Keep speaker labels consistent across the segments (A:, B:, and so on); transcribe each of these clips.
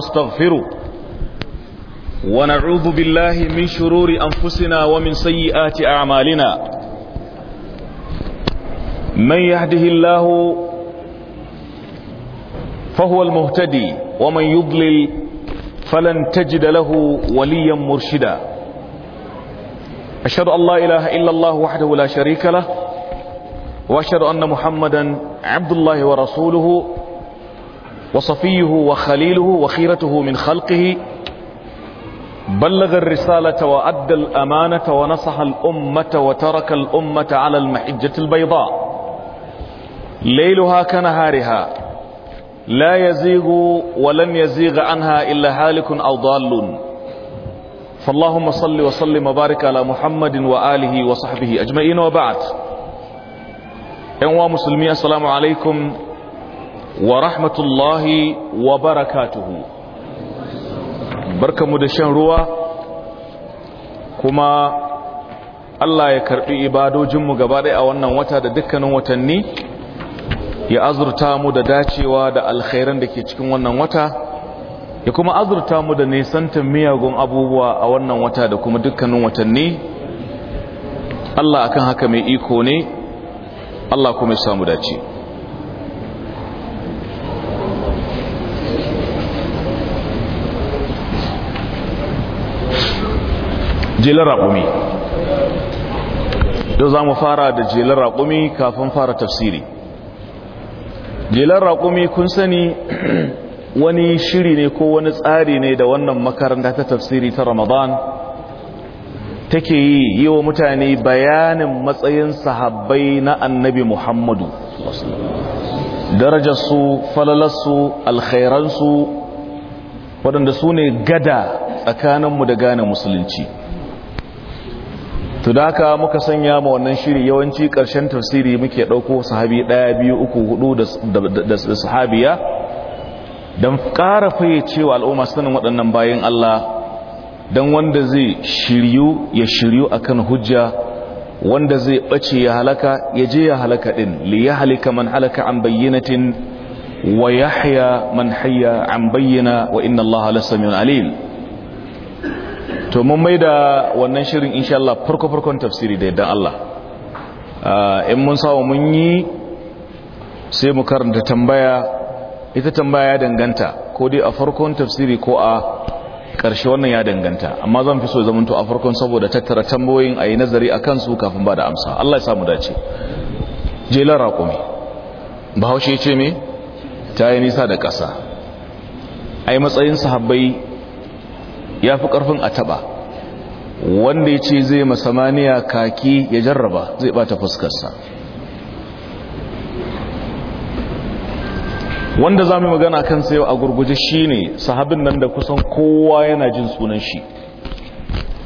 A: واستغفروا ونعوذ بالله من شرور أنفسنا ومن سيئات أعمالنا من يهده الله فهو المهتدي ومن يضلل فلن تجد له وليا مرشدا أشهد أن لا إله إلا الله وحده لا شريك له وأشهد أن محمدا عبد الله ورسوله وصفيه وخليله وخيرته من خلقه بلغ الرسالة وأدى الأمانة ونصح الأمة وترك الأمة على المحجة البيضاء ليلها كنهارها لا يزيغ ولن يزيغ عنها إلا هالك أو ضال فاللهم صل وسلم وبارك على محمد وآله وصحبه أجمعين وبعد أنواع مسلمين السلام عليكم wa rahmatullahi wa barakatuhu barkamu da shan ruwa kuma Allah ya karbi ibadojinmu gaba ɗaya a wannan wata da dukkanin watanni ya azurta mu da dacewa da alkhairan da ke cikin wannan wata ya kuma azurta mu da nisantan miyagun abubuwa a wannan wata da kuma dukkanin watanni Allah akan haka mai iko ne Allah kuma ya samu dace jelar raƙumi yau za mu fara da jelar raƙumi kafin fara tafsiri jelar raƙumi kun sani wani shiri ne ko wani tsari ne da wannan makaranta ta tafsiri ta ramadan take yi yi wa mutane bayanin matsayin sahabbai na annabi muhammadu darajarsu falalarsu alkhairansu waɗanda su ne gada tsakaninmu da gane musulunci tunaka muka sanya ma wannan shiri yawanci ƙarshen tafsiri muke ɗauko sahabi ɗaya biyu uku hudu da sahabiya don ƙara faye cewa al'umma sanin waɗannan bayan Allah don wanda zai shiryu ya shiryu akan hujja wanda zai ɓace ya halaka ya je ya halaka ɗin li ya halika man halaka an bayyanatin wa yahya man haya an bayyana wa inna Allah la samiyun alim to mun mai da wannan shirin insha Allah farko-farkon tafsiri da yadda Allah ah, in mun sawa mun yi sai mu karanta tambaya ita tambaya ya danganta ko dai a farkon tafsiri ko a ƙarshe wannan ya danganta amma zan fi so zamanto a farkon saboda tattara tambayoyin a yi nazari a kansu kafin ba da amsa Allah ya samu dace jelar raƙumi bahaushe ce me ta yi nisa da ƙasa a yi matsayin sahabbai ya fi ƙarfin a taɓa wanda ya ce zai masamaniya kaki ya jarraba zai ɓata fuskarsa wanda za mu magana kan yau a gurguje shi ne sahabin nan da kusan kowa yana jin sunan shi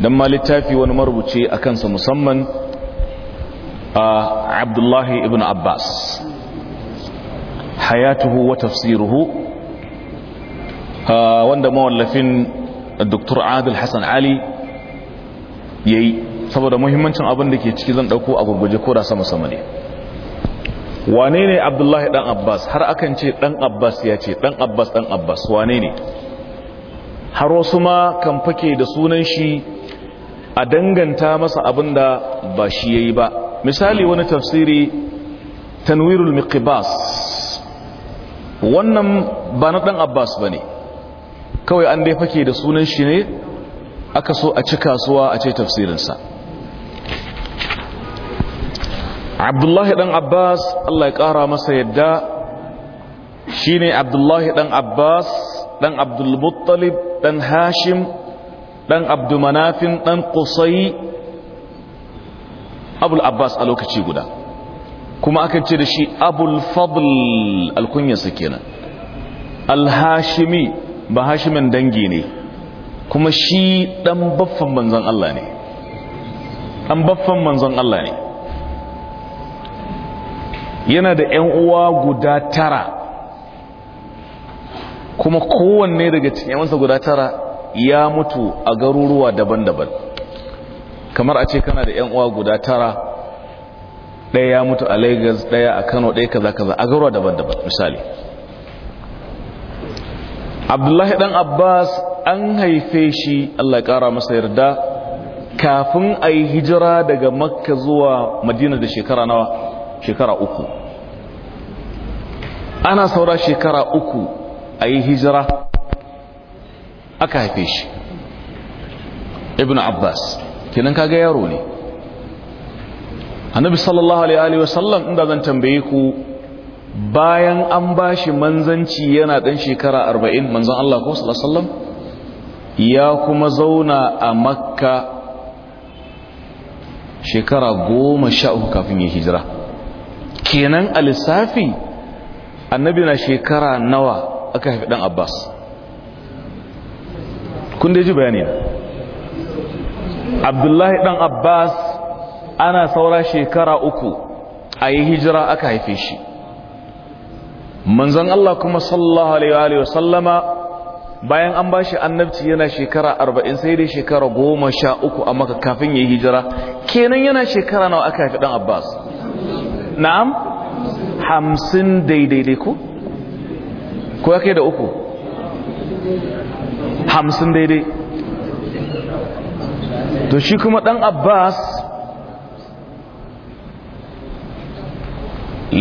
A: don ma littafi wani marubuce a kansa musamman a abdullahi ibn abbas hayatuhu wa tafsiruhu wanda mawallafin Dr. Adil Hassan Ali yayi saboda muhimmancin abin da ke ciki zan dauko a gurguje ko da sama sama ne wane ne Abdullahi dan Abbas har akan ce dan Abbas ya ce dan Abbas dan Abbas wane ne har wasu ma kan fake da sunan shi a danganta masa abin da ba shi yayi ba misali wani tafsiri tanwirul miqbas wannan ba na dan Abbas bane kawai an dai fake da sunan shi ne aka so a ci kasuwa a ce tafsirinsa abdullahi dan abbas allah ya kara masa yadda shi ne abdullahi dan abbas dan abdulmuttalib dan hashim dan abdumanafin dan kusai abul abbas a lokaci guda kuma aka ce da shi abul fadl alkunyarsa kenan alhashimi ba hashimin dangi ne kuma shi dan baffan manzon Allah ne dan baffan manzon Allah ne yana da ƴan uwa guda tara kuma kowanne daga cikin cinyewansa guda tara ya mutu a garuruwa daban-daban kamar a ce kana da ƴan uwa guda tara ɗaya ya mutu a lagos ɗaya a kano ɗaya kaza kaza a garuruwa daban-daban misali abdullahi dan abbas an haife shi allah ya kara masa yarda kafin a yi hijira daga makka zuwa madina da shekara nawa shekara uku ana saura shekara uku a yi hijira aka haife shi ibn abbas kenan kaga yaro ne annabi sallallahu alaihi wasallam inda zan tambaye ku bayan an ba shi manzanci yana ɗan shekara arba'in manzan Allah ko sallallahu ya kuma zauna a makka shekara goma sha uku kafin ya hijira kenan a lissafi annabi na shekara nawa aka haifi ɗan abbas kun da ji bayani abdullahi ɗan abbas ana saura shekara uku a yi hijira aka haife shi manzon Allah kuma sallallahu alaihi wa wa sallama bayan an bashi annabci yana shekara 40 sai dai shekara 13 a maka kafin yayi hijira kenan yana shekara nawa aka haifi dan Abbas na'am 50 daidai dai ko ko yake da uku 50 daidai to shi kuma dan Abbas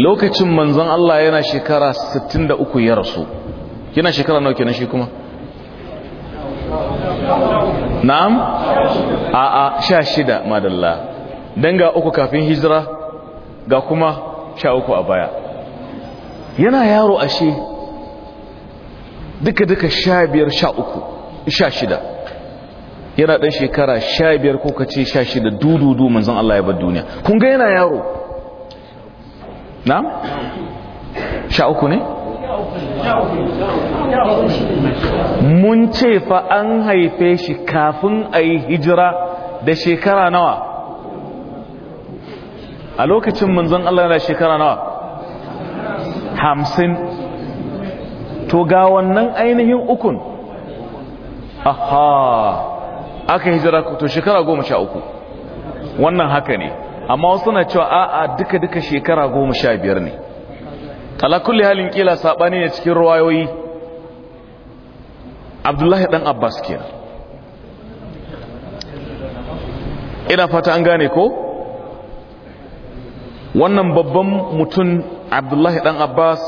A: lokacin manzon Allah yana shekara 63 ya rasu yana shekara nawa kenan shi kuma na'am a a 16 madalla dan ga uku kafin hijira ga kuma 13 a baya yana yaro ashe duka duka 15 13 16 yana dan shekara 15 ko kace 16 dududu manzon Allah ya bar duniya kun ga yana yaro na? sha uku ne? mun ce fa an haife shi kafin a yi hijira da shekara nawa a lokacin manzon Allah da shekara nawa hamsin to ga wannan ainihin ukun aha aka hijira to shekara goma sha uku wannan haka ne amma wasu na cewa a'a duka duka shekara goma sha biyar ne talakulli halin kila saɓani ne cikin ruwayoyi abdullahi ɗan abbas ke ina fata an gane ko wannan babban mutum abdullahi ɗan abbas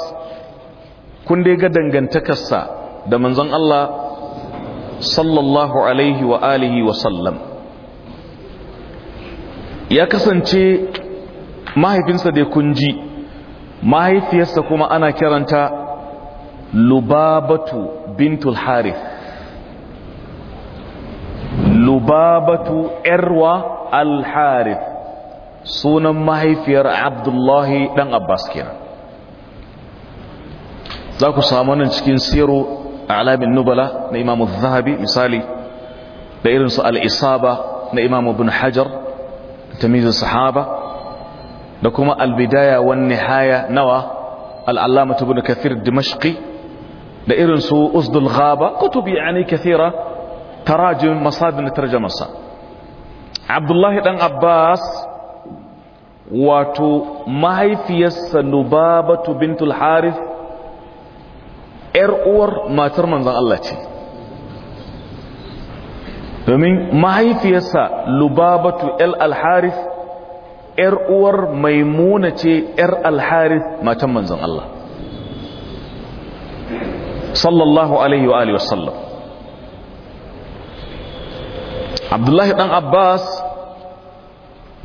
A: kun dai ga dangantakarsa da manzon allah sallallahu alaihi wa alihi wa sallam ya kasance mahaifinsa dai kunji mahaifiyarsa kuma ana kiranta lubabatu bintul harith lubabatu Erwa al-harith sunan mahaifiyar abdullahi dan abbas kenan za ku samu nan cikin siro alamin nubala na imamu zahabi misali da irinsu isaba na imamu bin hajar tamizu sahaba da kuma albidaya wan nihaya nawa al-allama ibn kathir dimashqi da irin su usdul ghaba kutubi yani kathira tarajim masadin tarjamarsa abdullahi dan abbas wato mahaifiyarsa nubabatu bintul harith ‘yar uwar matar manzan Allah ce domin mahaifiyarsa lubabatu el alharis yar uwar maimuna ce yar alharis matan manzan Allah sallallahu alaihi wa alihi wasallam abdullahi dan abbas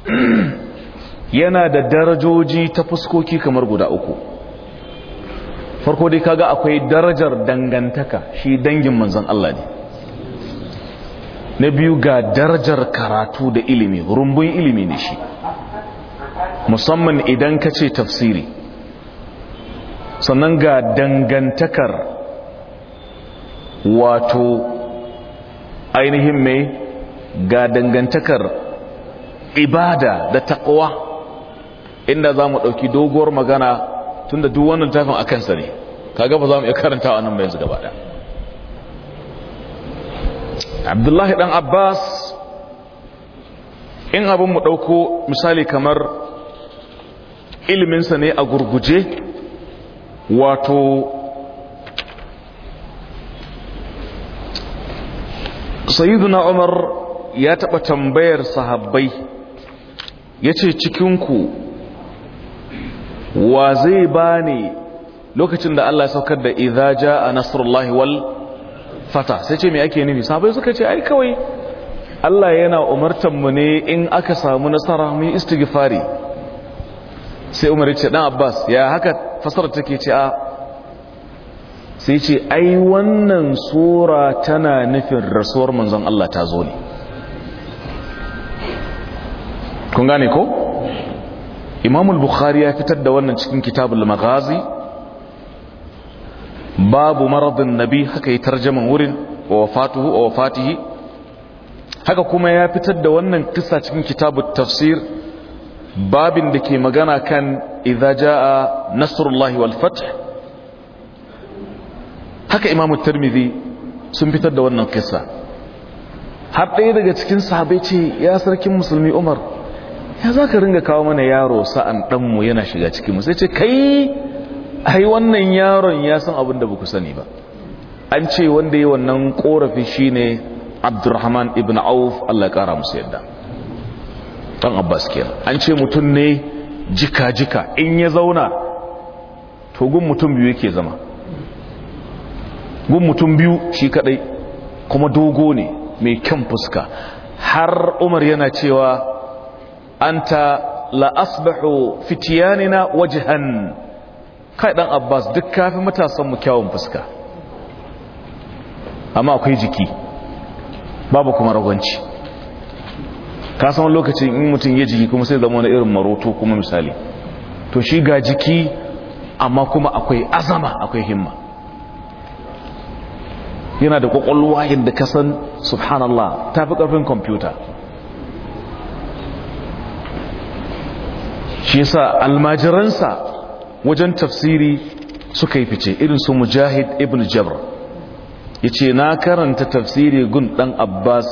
A: yana da darajoji ta fuskoki kamar guda uku farko dai kaga akwai darajar dangantaka shi dangin manzon Allah ne na biyu ga darajar karatu da ilimi rumbun ilimi ne shi musamman idan ka ce tafsiri sannan ga dangantakar wato ainihin mai ga dangantakar ibada da taqwa inda za mu ɗauki doguwar magana tunda duk wannan tafin a kansa ne kaga ba za mu iya karanta nan bayan su gaba ɗaya abdullahi dan abbas in abin mu ɗauko misali kamar iliminsa ne a gurguje wato sayiduna umar ya taɓa tambayar sahabbai ya ce cikinku wa zai ba ne lokacin da allah saukar da idaja a nasarullahi wal fata sai ce me ake nufi sabai suka ce ai kawai Allah yana umartar mu ne in aka samu nasara mu yi istighfari sai Umar ce dan Abbas ya haka fasara take ce a sai ce ai wannan sura tana nufin rasuwar manzon Allah ta zo ne kun gane ko Imam al-Bukhari ya fitar da wannan cikin Kitabul Maghazi babu maradin nabi haka yi tarjaman wurin wa wafatuhu wa wafatihi haka kuma ya fitar da wannan kisa cikin kitabu tafsir babin da ke magana kan idza jaa nasrullahi wal fath haka imamu tirmidhi sun fitar da wannan kisa har ɗaya daga cikin sahabai ce ya sarkin musulmi umar ya za ka ringa kawo mana yaro sa'an ɗanmu yana shiga cikinmu sai ce kai ai wannan yaron ya san abin da buku sani ba an ce wanda ya wannan korafi shine abdurrahman ibn auf allah ya kara musu yadda dan abbas an ce mutum ne jika jika in ya zauna to gun mutum biyu yake zama gun mutum biyu shi kadai kuma dogo ne mai kyan fuska har umar yana cewa anta la asbahu fitiyanina wajhan kai dan abbas duk kafin matasan mu kyawun fuska amma akwai jiki babu kuma ragwanci ka san lokacin in mutum ya jiki kuma sai zama na irin maroto kuma misali to shi ga jiki amma kuma akwai azama akwai himma yana da kwakwalwa yadda ka san subhanallah ta fi ƙarfin kwamfuta shi yasa almajiransa wajen tafsiri suka yi fice irin su mujahid ibn jabr ya ce na karanta tafsiri gun dan abbas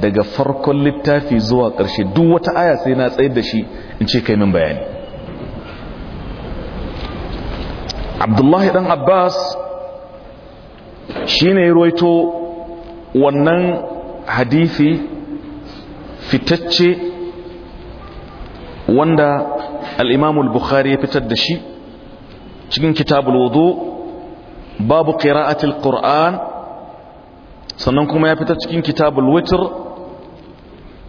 A: daga farkon littafi zuwa ƙarshe duk wata aya sai na tsayar da shi in ce kai min bayani abdullahi dan abbas shi ne roito wannan hadithi fitacce wanda al'imamul bukhari ya fitar da shi cikin kitabul wudu babu qira'atul qur'an sannan kuma ya fita cikin kitabul witr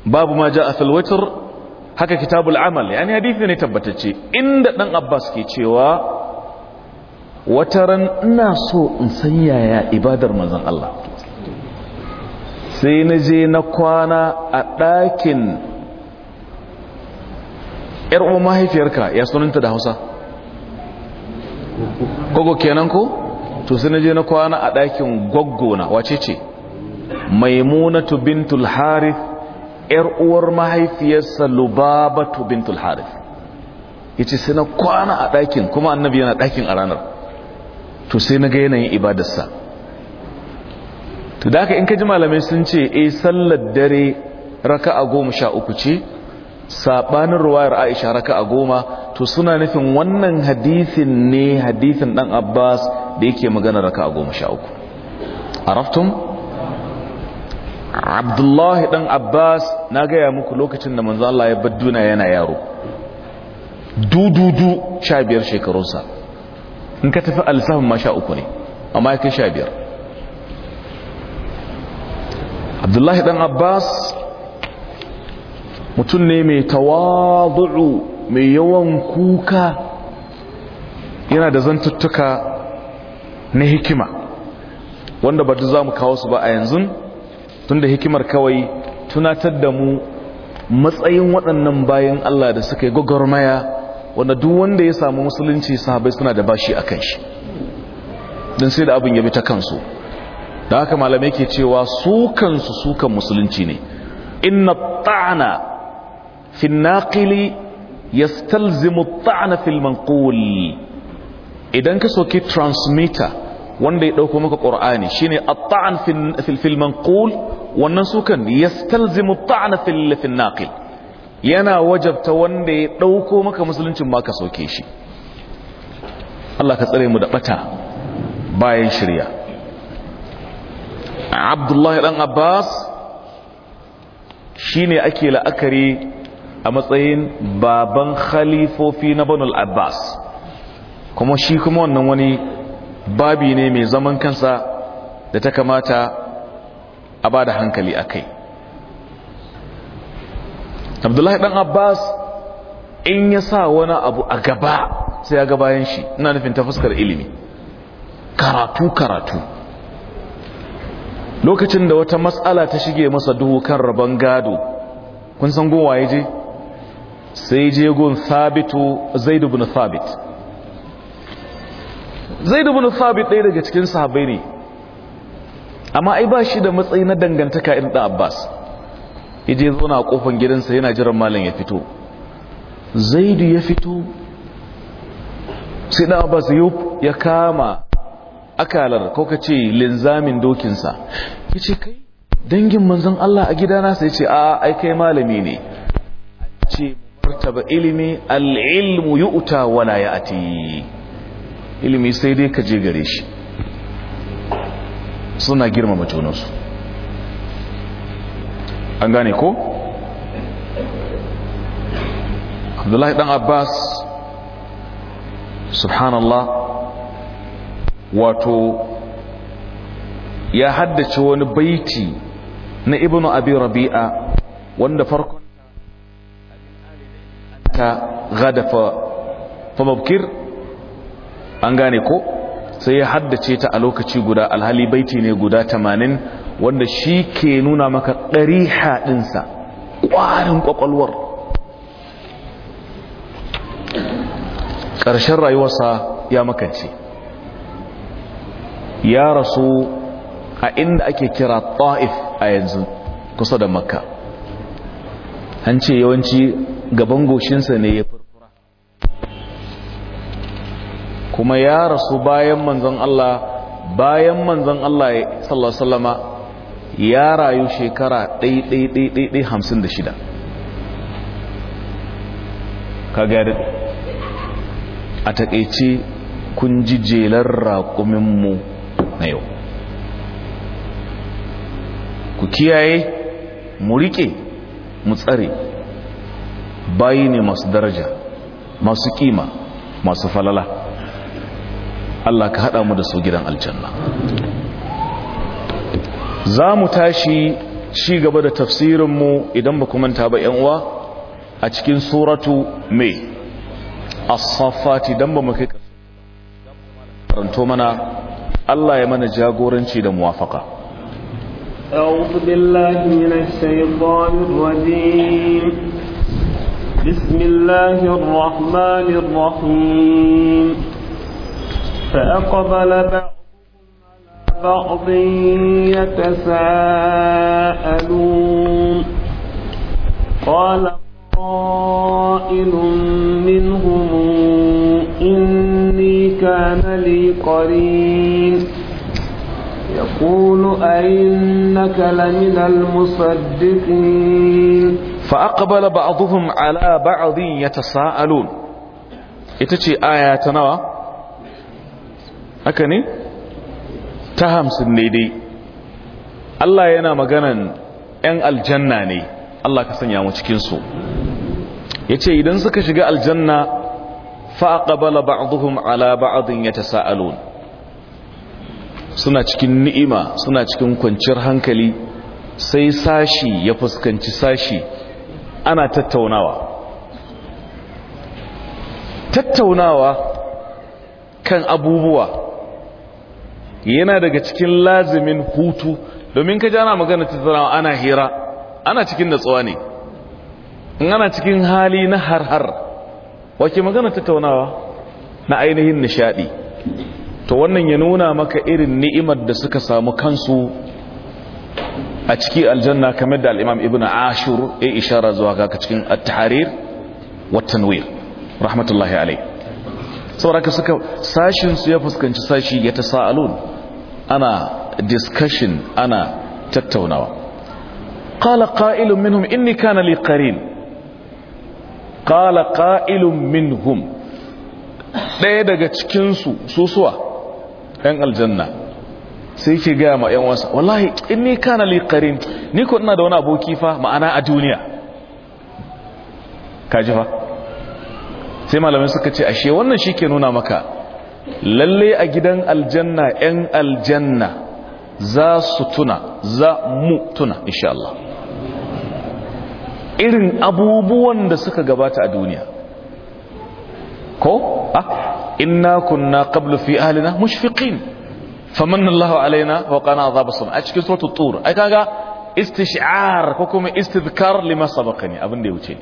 A: babu ma ja'a fil witr haka kitabul amal yani hadisi ne tabbatacce inda dan abbas ke cewa wataran ina so in san yaya ibadar manzon Allah sai na je na kwana a ɗakin uwa mahaifiyarka ya sunanta da hausa gogo kenan ko to sai na je na kwana a ɗakin gwaggona wace ce maimunatu bintul harith yar uwar mahaifiyarsa lubabatu bintul harith yace sai na kwana a ɗakin kuma annabi yana ɗakin a ranar to sai na ga yanayin ibadarsa to da in ka ji malamai sun ce eh sallar dare raka'a goma sha uku ce sabanin ruwayar Aisha raka'a goma to suna nufin wannan hadithin ne hadithin dan abbas da yake magana raka a goma sha uku Araftun abdullahi dan abbas na gaya muku lokacin da manzo Allah ya badduna yana yaro dududu sha biyar shekarunsa in ka tafi alsafin ma sha uku ne amma ya kai sha biyar abdullahi dan abbas mutum ne mai tawadu'u mai yawan kuka yana da zantuttuka na hikima wanda ba za mu kawo su ba a yanzu tunda hikimar kawai tunatar da mu matsayin waɗannan bayan Allah da suka yi gwagwarmaya wanda duk wanda ya samu musulunci sahabai suna da bashi a kan shi don sai da abin ya bi ta kansu da haka malamai ke cewa su kansu sukan musulunci ne inna ta'ana fi naqili yastalzimu ta'ana fil idan ka soki transmitter wanda ya dauko maka qur'ani shine a taan filman fil wannan sukan yastalzimu ta'ana fil yana wajabta wanda ya dauko maka musuluncin ma ka soke shi Allah ka tsare mu da bata bayan shirya Abdullahi dan Abbas shine ake la'akari a matsayin baban khalifofi na banul abbas kuma shi kuma wannan wani babi ne mai zaman kansa da ta kamata a ba da hankali a kai abdullahi dan abbas in ya sa wani abu a gaba sai ya gabayan shi ina nufin ta fuskar ilimi karatu karatu lokacin da wata matsala ta shige masa duhu kan rabon gado kun san gowa ya je sai je gun sabitu zaidu bin sabit zaidu bin sabit ɗaya daga cikin sahabai ne amma ai ba shi da matsayi na dangantaka irin da abbas ya je zauna a kofan gidansa yana jiran malam ya fito zaidu ya fito sai da abbas yub ya kama akalar ko ka ce linzamin dokinsa ya ce kai dangin manzon allah a gidana sai ce a ai malami ne ce martaba ilimi al'ilmu yu'ta wala ya'ti ilimi sai dai ka je gare shi suna girmama junansu an gane ko
B: abdullahi dan abbas
A: subhanallah wato ya haddace wani baiti na ibnu abi rabi'a wanda farko haka fa mabkir an gane ko sai ya haddace ta a lokaci guda alhali baiti ne guda tamanin wanda shi ke nuna maka ɗari haɗinsa ƙwarin ƙwaƙwalwar ƙarshen rayuwarsa ya makance ya rasu a inda ake kira ta'if a yanzu kusa da makka an ce yawanci gaban goshinsa ne ya furfura kuma ya rasu bayan manzon Allah bayan manzon Allah sallallahu ya rayu shekara ɗai hamsin da ka gari a taƙaice kun ji jelar raƙuminmu na yau ku kiyaye mu riƙe mu tsare bayi ne masu daraja masu kima masu falala Allah ka haɗa mu da su gidan aljanna za mu tashi ci gaba da tafsirinmu idan ba manta ba uwa a cikin suratu mai A asafati don ba mafi karanto mana Allah ya mana jagoranci da muwafaka
B: أعوذ بالله من الشيطان الرجيم بسم الله الرحمن الرحيم فأقبل بعضهم على بعض يتساءلون قال قائل منهم إني كان لي قرين يقول أئنك لمن المصدقين فأقبل بعضهم
A: على بعض يتساءلون إتتي آية تنوى أكني تهم سنيدي الله ينا مغانا ‘yan aljanna ne Allah ka sanya mu cikinsu ya ce idan suka shiga aljanna fa'aƙabala ba'aduhum ya suna cikin ni'ima suna cikin kwanciyar hankali sai sashi ya fuskanci sashi ana tattaunawa tattaunawa kan abubuwa yana daga cikin lazimin hutu domin ka ana magana tattaunawa ana hira ana cikin natsuwa ne ana cikin hali na har-har wake magana tattaunawa na ainihin nishadi to wannan ya nuna maka irin ni'imar da suka samu kansu a ciki aljanna kamar da al'imam ibn ashur ya ishara zuwa ga cikin at-tahrir wa tanwir rahmatullahi alayhi sauraka suka sashin su ya fuskanci sashi ya ta sa’alun ana discussion ana tattaunawa qala qa'ilun minhum inni kana li qarin qala qa'ilun minhum daya daga cikinsu su susuwa ɗan aljanna sai yake gaya ma yan wasa wallahi in ni kana li qarin ni ko ina da wani aboki fa ma'ana a duniya kaji fa sai malamai suka ce ashe wannan shi ke nuna maka lalle a gidan aljanna yan aljanna za su tuna za mu tuna insha Allah irin abubuwan da suka gabata a duniya ko ah inna kunna qablu fi ahlina mushfiqin famanna alaina wa qana azab a cikin suratul tur ai kaga istish'ar ko kuma istidkar lima sabaqani abin da ya wuce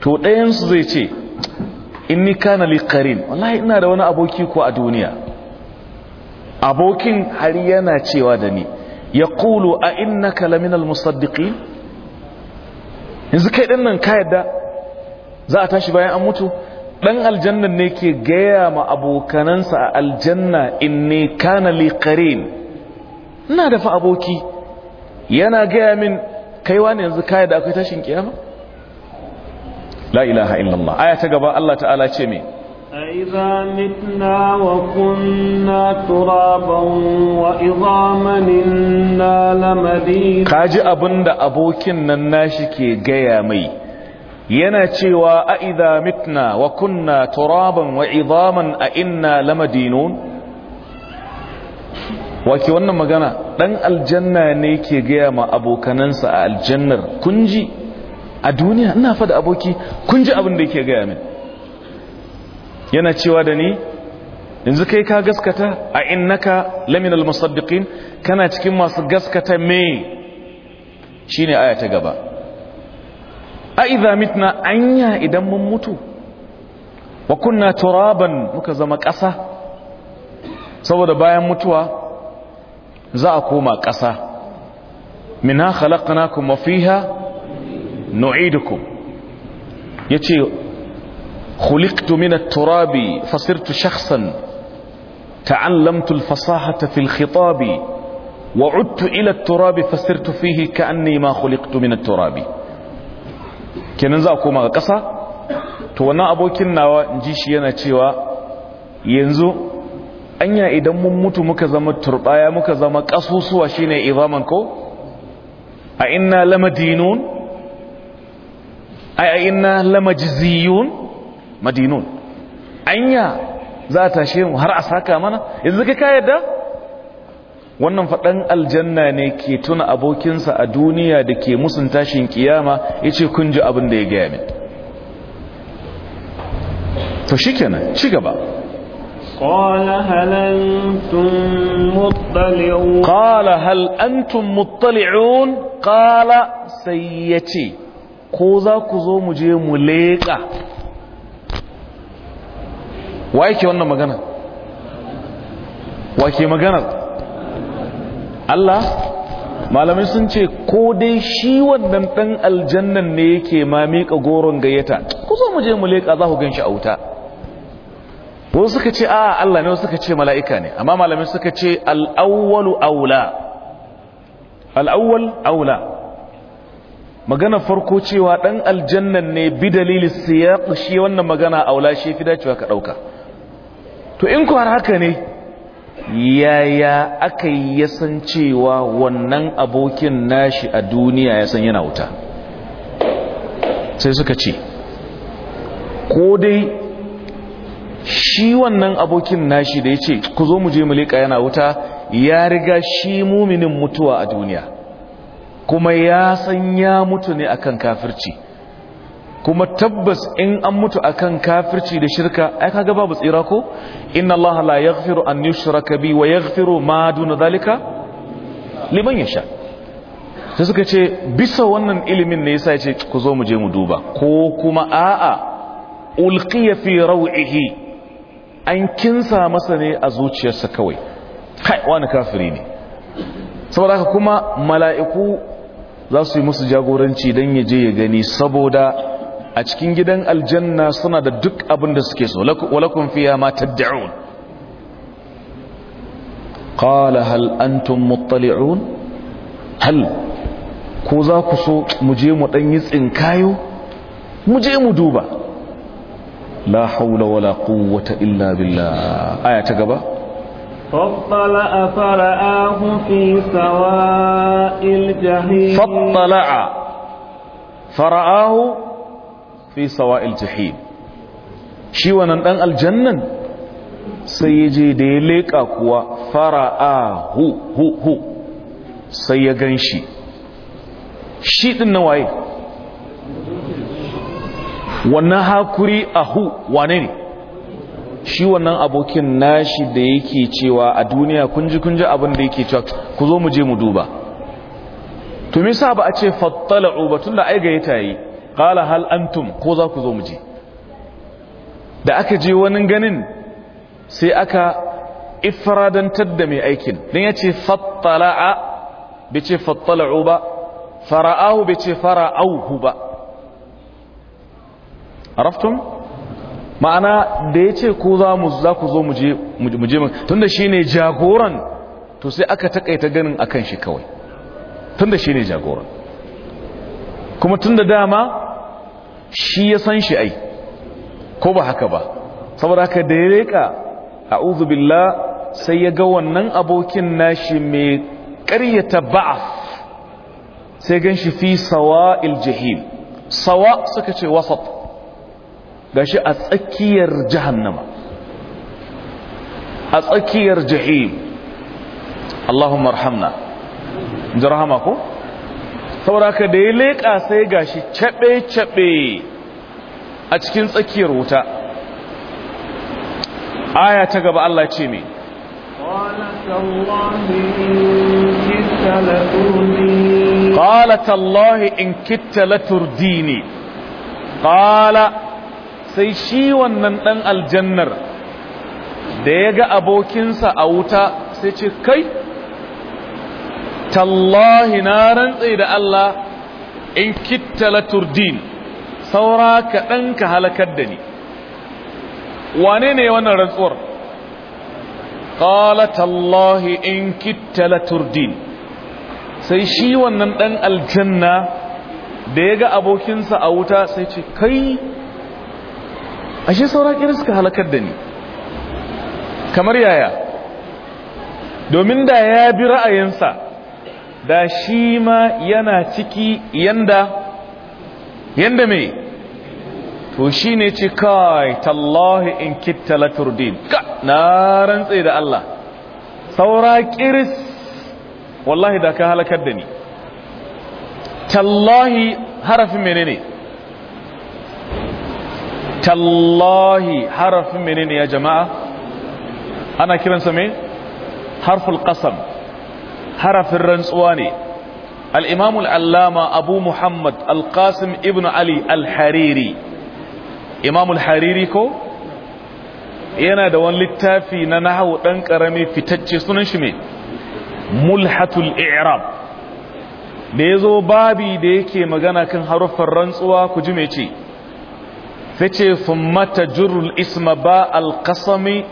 A: to dayan su zai ce inni kana li qarin wallahi ina da wani aboki ko a duniya abokin har yana cewa da ni yaqulu a innaka laminal musaddiqin yanzu kai ɗannan ka yadda za a tashi bayan an mutu dan aljannan ne ke gaya ma abokanansa a aljanna inni kana li qarin ina da aboki yana gaya min kai wani yanzu kai da akwai tashin kiyama la ilaha illallah aya ta gaba Allah ta'ala ce me
B: wa مِتْنَا وَكُنَّا na lamadi ka ji kaji
A: abinda abokin nan nashi ke gaya mai yana cewa a idha mitna wa kunna turaban wa idaman a inna lamadinun wake wannan magana dan aljanna ne ke gaya ma abokanansa a aljannar kunji a duniya ina fada aboki kunji abin da yake gaya min yana cewa da ni yanzu kai ka gaskata a innaka laminal musaddiqin kana cikin masu gaskata me shine aya ta gaba a idha mitna anya idan mun mutu wa kunna turaban muka zama ƙasa saboda bayan mutuwa za a koma ƙasa minha khalaqnakum wa fiha nu'idukum yace khuliqtu min at-turabi fasirtu shakhsan ta'allamtu al-fasahata fi al-khitabi وعدت إلى التراب فسرت فيه كأني ما خلقت من التراب kenan za a koma ga ƙasa to wannan abokin nawa in ji shi yana cewa yanzu anya idan mun mutu muka zama turbaya muka zama ƙasusuwa shine izaman ko a inna lamadinun ai a inna lamajziyun madinun anya za a tashe mu har a saka mana yanzu ka yarda wannan faɗan aljanna ne ke tuna abokinsa a duniya da ke musun tashin kiyama ya ce kun ji abin da ya gaya min to shi kenan ci gaba
B: ƙala sai ya ce ko za ku zo
A: mu je mu leƙa wa yake wannan magana wa ke maganar? Allah malamai sun ce ko dai shi wannan dan aljannan ne yake ma miƙa goron gayyata ku zo mu je mu leƙa za ku ganshi a wuta wasu suka ce a Allah ne wasu suka ce mala'ika ne amma malamai suka ce awla al-awwal awla magana farko cewa dan aljannan ne bi dalilin siyaq shi wannan magana aula shi fi dacewa ka dauka to in ku har haka ne yaya aka yi ya san cewa wannan abokin nashi a duniya ya san yana wuta sai suka ce ko dai shi wannan abokin nashi da ya ce ku zo mu je mu yana wuta ya riga shi muminin mutuwa a duniya kuma ya san ya mutu ne akan kafirci kuma tabbas in an mutu akan kafirci da shirka ai kaga babu tsira ko inna allaha la yaghfiru an yushraka bi wa yaghfiru ma dun zalika liman yasha sai suka ce bisa wannan ilimin ne yasa yace ku zo mu je mu duba ko kuma a'a ulqiya fi raw'ihi an kinsa masa ne a zuciyarsa kawai kai wani kafiri ne saboda haka kuma mala'iku za su yi musu jagoranci don ya je ya gani saboda a cikin gidan aljanna suna da duk abin da suke so walakun fiya ma tad'un qala hal antum muttali'un hal ko za ku so mu je mu dan yi tsinkayo
B: mu je mu duba
A: la haula wala quwwata illa billah aya ta gaba
B: فاطلع فرآه في سواء الجحيم فاطلع فرآه
A: fi sawa'il jahim shi wannan dan aljannan sai ya je da ya leka kuwa fara'a hu hu hu sai ya gan shi shi din na waye wannan hakuri a hu wane ne shi wannan abokin nashi da yake cewa a duniya kunji kunji abin da yake cewa ku zo mu je mu duba to me ba a ce fattala'u ba tunda ai yi qala hal antum ko za ku zo mu je da aka je wani ganin sai aka ifradantar da mai aikin don ya ce fattala'a bai ce fattala'u ba fara'ahu bai ce fara'auhu ba raftun ma'ana da ya ce ko za za ku zo mu je tun da shi ne jagoran to sai aka takaita ganin akan shi kawai tun da shi ne jagoran kuma tun da dama shi ya san shi ai ko ba haka ba saboda haka da ya reka a'udhu billah sai ya ga wannan abokin nashi mai ƙaryata ba'af sai gan shi fi sawa'il jahil sawa suka ce wasat gashi a tsakiyar jahannama a tsakiyar jahil Allahumma rahamna ji ko sauraka da ya leƙa sai gashi caɓe-caɓe a cikin tsakiyar wuta aya ta gaba Allah ce mai قالت in kitta كدت ne ƙala sai shi wannan ɗan aljannar da ya ga abokinsa a wuta sai ce kai tallahi na rantse da Allah in kitta la turdin saura kaɗan ka halakar da ni wane ne wannan rantsuwar qala tallahi in kitta la turdin sai shi wannan dan aljanna da ya ga abokinsa a wuta sai ce kai ashe saura kiris ka halakar da ni kamar yaya domin da ya bi ra'ayinsa da shi ma yana ciki yanda yanda me to shi ne ci kai tallahi in kitta turdin ka na rantse da Allah saura kiris wallahi da ka halakar da ni tallahi harafin menene tallahi harafin menene ya jama'a ana kiransa me harful qasam harafin rantsuwa ne al-imam allama abu muhammad al ibn ali alhariri hariri imam hariri ko yana da wani littafi na nahawu dan ƙarami fitacce sunan shi me mulhatul i'rab da yazo babi da yake magana kan harafin rantsuwa ku ji me ce fice thumma tajrul isma ba al-qasami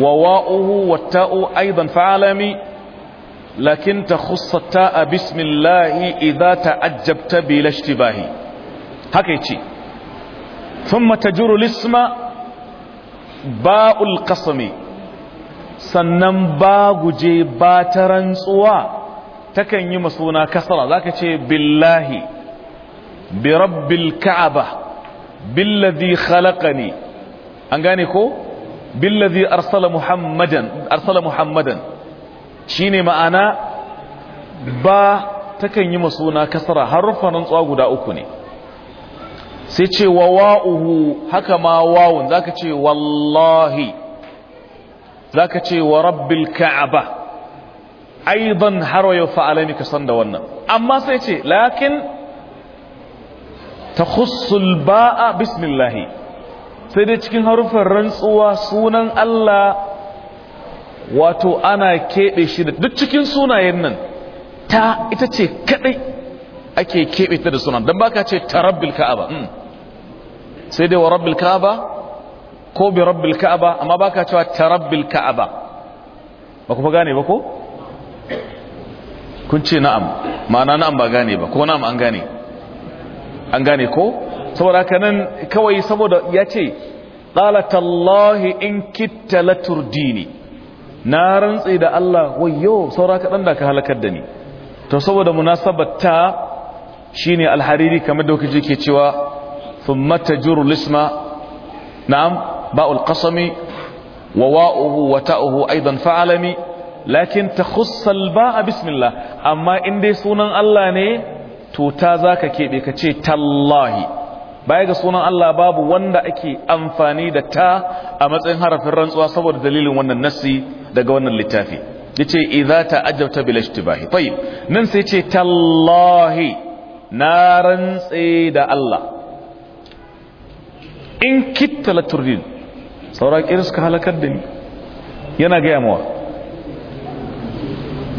A: wa wa'uhu wa ta'u aidan fa'alami lakin ta kusata a bismillahi idza ta'ajjabta bi lashtibahi haka yace thumma tajuru lisma ba'ul qasmi sannan ba guje ba ta rantsuwa takan yi masuna kasara zaka ce billahi bi rabbil ka'aba billadhi khalaqani an gane ko billadhi arsala arsala muhammadan Shi ne ma'ana ba takan yi masuna kasara haruffan rantsuwa guda uku ne sai ce wa wa'uhu haka ma wawun ka ce wallahi ka ce wa rabbil ka'aba aidan har yau fa'ala ka san da wannan amma sai ce lakin takhussul ba'a bismillahi sai dai cikin haruffan rantsuwa sunan Allah wato ana keɓe shi da duk cikin sunayen nan ta ita ce kaɗai ake keɓe ta da sunan don ka ce ta rabbil ka'aba hmm. sai dai wa rabbil ka'aba ko bi rabbil ka'aba amma ba baka cewa ta rabbil ka'aba ba ku fa gane ba ko kun ce na'am ma'ana na'am ba gane ba ko na'am an gane an gane ko saboda haka nan kawai saboda ya ce ƙalatallahi in kitta laturdini na rantsi da Allah wayo saura kaɗan da ka halakar da ni to saboda munasabar ta shine alhariri kamar da kuke ke cewa thumma tajuru lisma na'am ba'ul qasami wa wa'uhu wa ta'uhu aidan fa'alami lakin takhuss al-ba'a bismillah amma in dai sunan Allah ne to ta zaka kebe ka ce tallahi baya ga sunan Allah babu wanda ake amfani da ta a matsayin harafin rantsuwa saboda dalilin wannan nassi daga wannan littafi ya ce yace ta ajabta bil ishtibahi tayyib nan sai yace tallahi na rantse da Allah in kitta la turdin saura kirska halakar da ni yana ga yamawa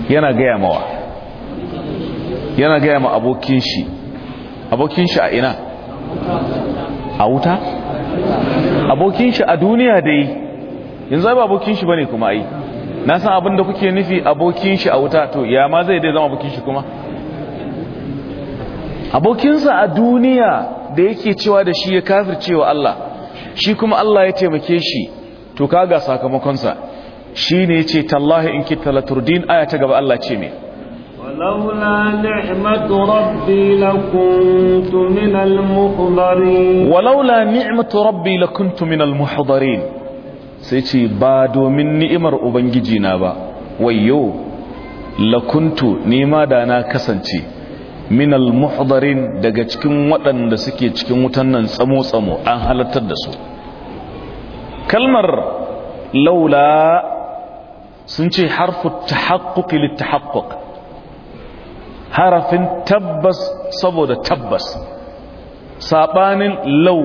A: yana ga yamawa yana gaya ma abokin shi abokin shi a ina a wuta abokin shi a duniya dai yanzu ba abokin shi bane kuma ai na san abin da kuke nufi abokin shi a wuta to ya ma zai dai zama abokin shi kuma abokinsa a duniya da yake cewa da shi ya cewa Allah shi kuma Allah ya taimake shi to kaga sakamakonsa shi ne ya ce tallahi in kitta laturdin aya ta gaba Allah ce me
B: rabbi نعمة rabbi لكنت من المحضرين ولولا
A: نعمة muhdarin sai ce ba domin ni'imar ubangiji na ba wayo lakuntu nema da na kasance minal muhdarin daga cikin waɗanda suke cikin wutan nan tsamo-tsamo an halartar da su kalmar laula sun ce harfu tahaqquqi litahaqquq harafin tabbas saboda tabbas saɓanin lau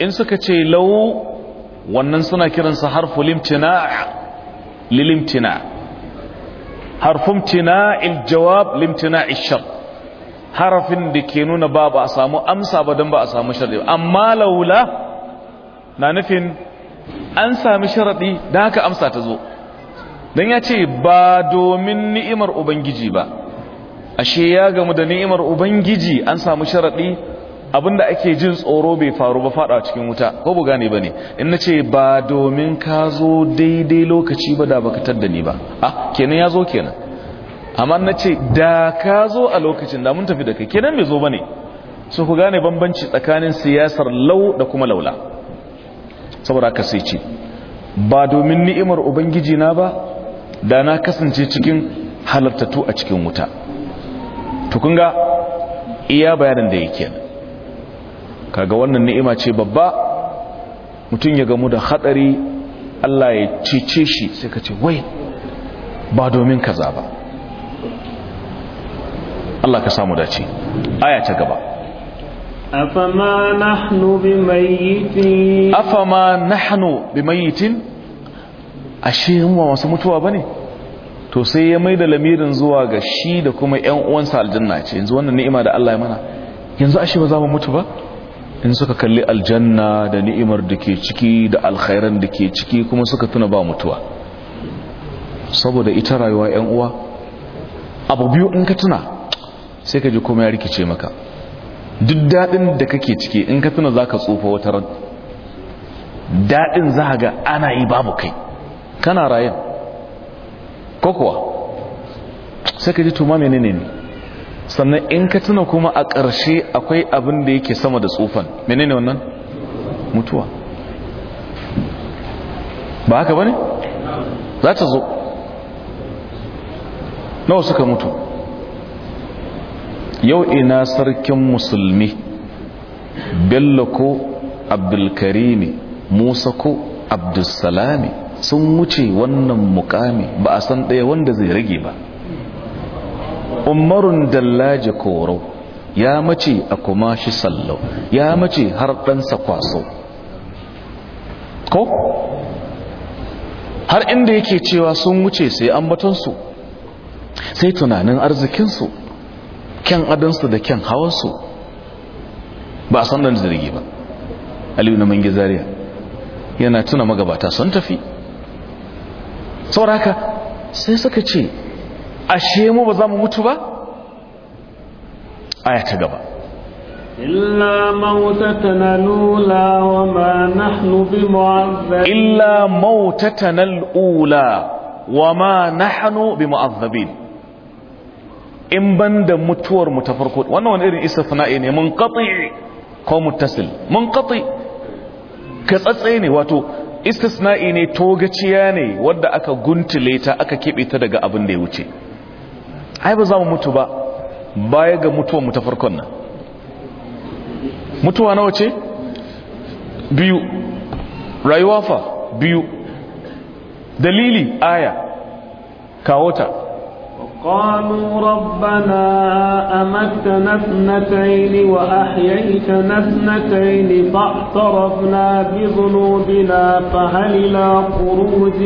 A: in suka ce lau wannan suna kiransa harfu limtina lilimtina harfun tina iljawab limtina ishar harafin da ke nuna ba ba a samu amsa ba don ba a samu sharɗi amma laula na nufin an sami sharaɗi da haka amsa ta zo don ya ce ba domin ni'imar ubangiji ba ashe ya gamu da ni'imar ubangiji an samu sharaɗi abinda ake jin tsoro bai faru ba fada cikin wuta ko bu gane bane in nace ba domin ka zo daidai lokaci ba da baka tadda ni ba ah kenan ya zo kenan amma nace da ka zo a lokacin da mun tafi da kai kenan bai zo bane so ku gane bambanci tsakanin siyasar lau da kuma laula saboda ka sai ce ba domin ni'imar ubangiji na ba da na kasance cikin halartatu a cikin wuta to kun ga iya bayanin da yake kenan kaga wannan ni'ima ce babba mutum ya gamu da hadari Allah ya cece shi sai ka ce wai ba domin kaza ba Allah ka samu dace aya ta gaba
B: afama nahnu bimayitin afama nahnu bimayitin
A: ashe mu wasu mutuwa bane to sai ya maida lamirin zuwa ga shi da kuma ƴan uwansa aljanna ce yanzu wannan ni'ima da Allah ya mana yanzu ashe ba za mu mutu ba in suka kalli aljanna da ni'imar da ke ciki da alkhairan da ke ciki kuma suka tuna ba mutuwa saboda ita rayuwa yan uwa abu biyu in ka tuna sai ka ji kuma ya rikice maka duk daɗin da kake ciki in ka tuna za tsufa wata ran daɗin za ga ana yi babu kai kana rayuwa ko kuwa sai ka ji tuma menene ne sannan in ka tuna kuma a ƙarshe akwai abin da yake sama da tsufan menene wannan mutuwa ba haka ba ne? za ta zo nawa suka mutu yau ina sarkin musulmi bello ko abdulkarimi musa ko abdulsalami sun wuce wannan mukami ba a san ɗaya wanda zai rage ba umarun dallaji koro ya mace a kuma shi sallo ya mace har ɗansa kwaso ko har inda yake cewa sun wuce sai ambatonsu sai tunanin arzikinsu kyan adansu da kyan hawansu ba a san jirgi ba aliyu na mangi zariya yana tuna magabata sun tafi sauraka sai suka ce ashe mu ba za mu mutu ba? aya ta gaba
B: illa mautatana lula wa ma nahnu bi
A: mu'azzabin in ban da mutuwar mu ta farko wannan wani irin isa ne mun qati ko muttasil mun qati ka tsatsa ne wato istisna'i ne togaciya ne wanda aka guntule ta aka kebe ta daga abin da ya wuce ai ba za mu mutu ba baya ga mutuwa mu ta farkon nan mutuwa na wace biyu rayuwa fa biyu dalili aya kawo ta
B: قالوا ربنا أمتنا اثنتين وأحييتنا اثنتين فاعترفنا بذنوبنا فهل إلى خروج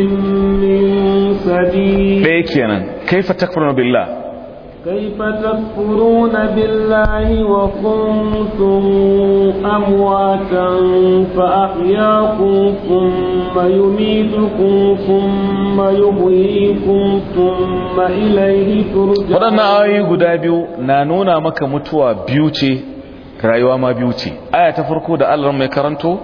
B: من سبيل
A: كيف تكفرون بالله
B: كيف تكفرون بالله وكنتم أمواتا فأحياكم ثم يميتكم ثم يحييكم ثم إليه ترجعون ودنا آيه
A: قدا بيو نانونا مكة متوى بيوتي rayuwa ما بيوتي
B: آية تفرقو
A: ta farko da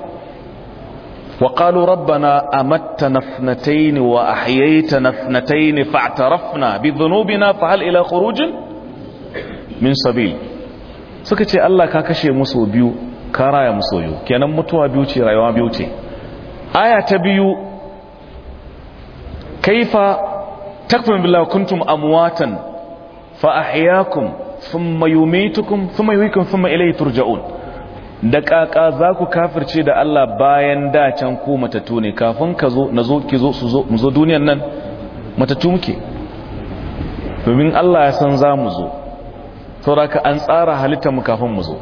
A: وقالوا ربنا أمتنا اثنتين وأحييتنا اثنتين فاعترفنا بذنوبنا فهل إلى خروج من سبيل سكتي الله كاكشي مسو بيو كارايا مسو بيو كي نمتوا بيوتي رأيوا بيوتي آية بيو كيف تقبل بالله كنتم أمواتا فأحياكم ثم يميتكم ثم يويكم ثم إليه ترجعون da ƙaƙa za ku kafirce da Allah bayan da can ku matattu ne kafin ka zo na zo ki zo su zo duniyan nan matattu muke domin Allah ya san za mu zo sauraka an tsara halittar mu kafin mu zo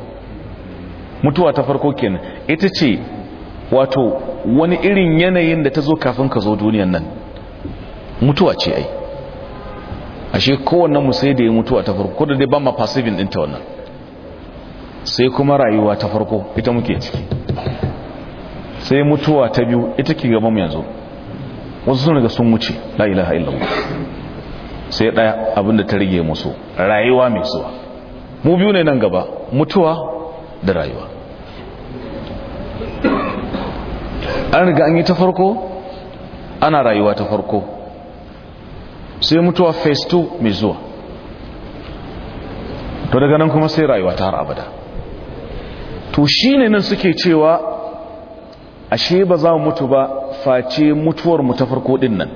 A: mutuwa ta farko kenan ita ce wato wani irin yanayin da ta zo kafin ka zo duniyan nan mutuwa ce ai ashe kowannen mu sai da ya mutuwa ta farko ko da dai ba ma din ɗinta wannan sai kuma rayuwa ta farko ita muke ciki sai mutuwa ta biyu ita ke gaban yanzu wasu sun daga sun wuce la ilaha illallah sai daya abinda ta rige musu rayuwa mai zuwa mu biyu ne nan gaba mutuwa da rayuwa an riga an yi ta farko ana rayuwa ta farko sai mutuwa face 2 mai zuwa to daga nan kuma sai rayuwa ta har abada to shi ne nan suke cewa ashe ba za mu mutu ba face mutuwar mu ta farko din nan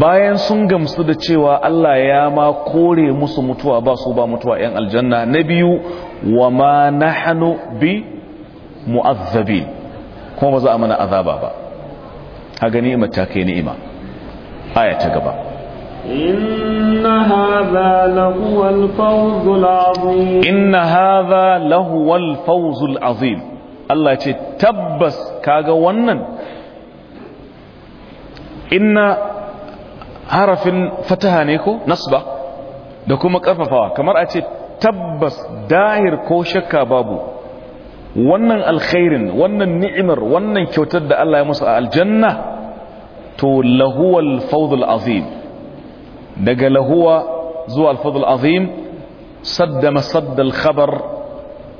A: bayan sun gamsu da cewa Allah ya ma kore musu mutuwa ba su ba mutuwa yan aljanna na biyu wa ma hannu bi mu'azzabin kuma ba za a mana azaba ba a gani matakai ni'ima aya ta gaba
B: إن هذا لهو الفوز العظيم إن هذا لهو الفوز العظيم
A: Allah ce tabbas kaga wannan inna harafin fataha ne ko nasba da kuma karfafawa kamar a ce tabbas dahir ko shakka babu wannan alkhairin wannan ni'imar wannan kyautar da Allah ya musu a aljanna to lahuwal fawzul azim daga lahuwa zuwa alfadul azim sadda masaddal khabar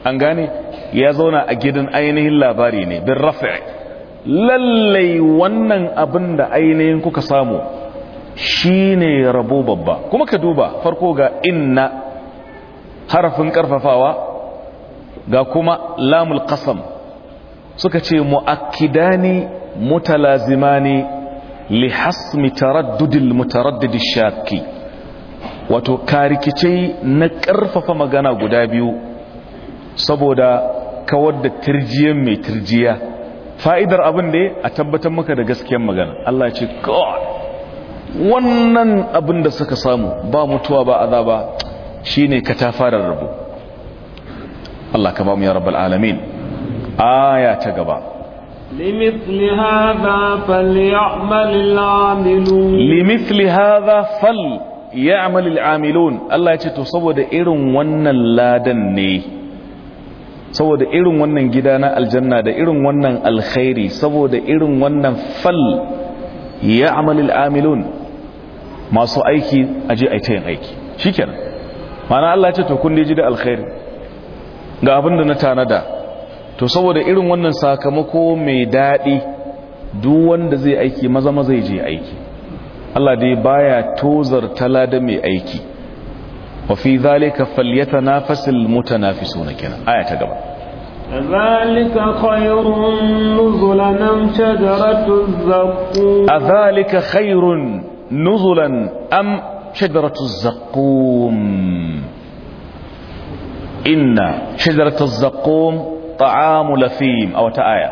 A: an gane ya zauna a gidan ainihin labari ne bin rafi' lallai wannan abin da ainihin kuka samu shine rabo babba kuma ka duba farko ga inna harafin karfafawa ga kuma lamul kasam suka ce mu'akkidani mutalazimani لحسم تردد المتردد الشاكي wato karikice na ƙarfafa magana guda biyu saboda kawar da tirjiyar mai tirjiya fa'idar abin da a tabbatar maka da gaskiyar magana Allah ce god wannan abin da suka samu ba mutuwa ba azaba shine katafarar rabu Allah ka ba mu ya rabbal alamin aya ta gaba
B: لمثل هذا فليعمل العاملون لمثل
A: هذا
B: فليعمل العاملون
A: الله يتي تو saboda irin wannan ladan ne saboda irin wannan gida na aljanna da irin wannan alkhairi saboda irin wannan fal ya'mal al'amilun masu aiki aje ai ta yin aiki shikenan ma'ana Allah ya ce to kun ji da alkhairi ga abinda na tanada to saboda irin wannan sakamako mai daɗi duk wanda zai aiki maza maza je aiki Allah dai baya tozar da mai aiki wa fi zalika falyatanafasul mutanafisuna kenan aya ta gaba
B: أذلك خير نزلا أم شجرة الزقوم أذلك خير نزلا أم شجرة الزقوم
A: إن شجرة الزقوم ta'amu lathim a wata aya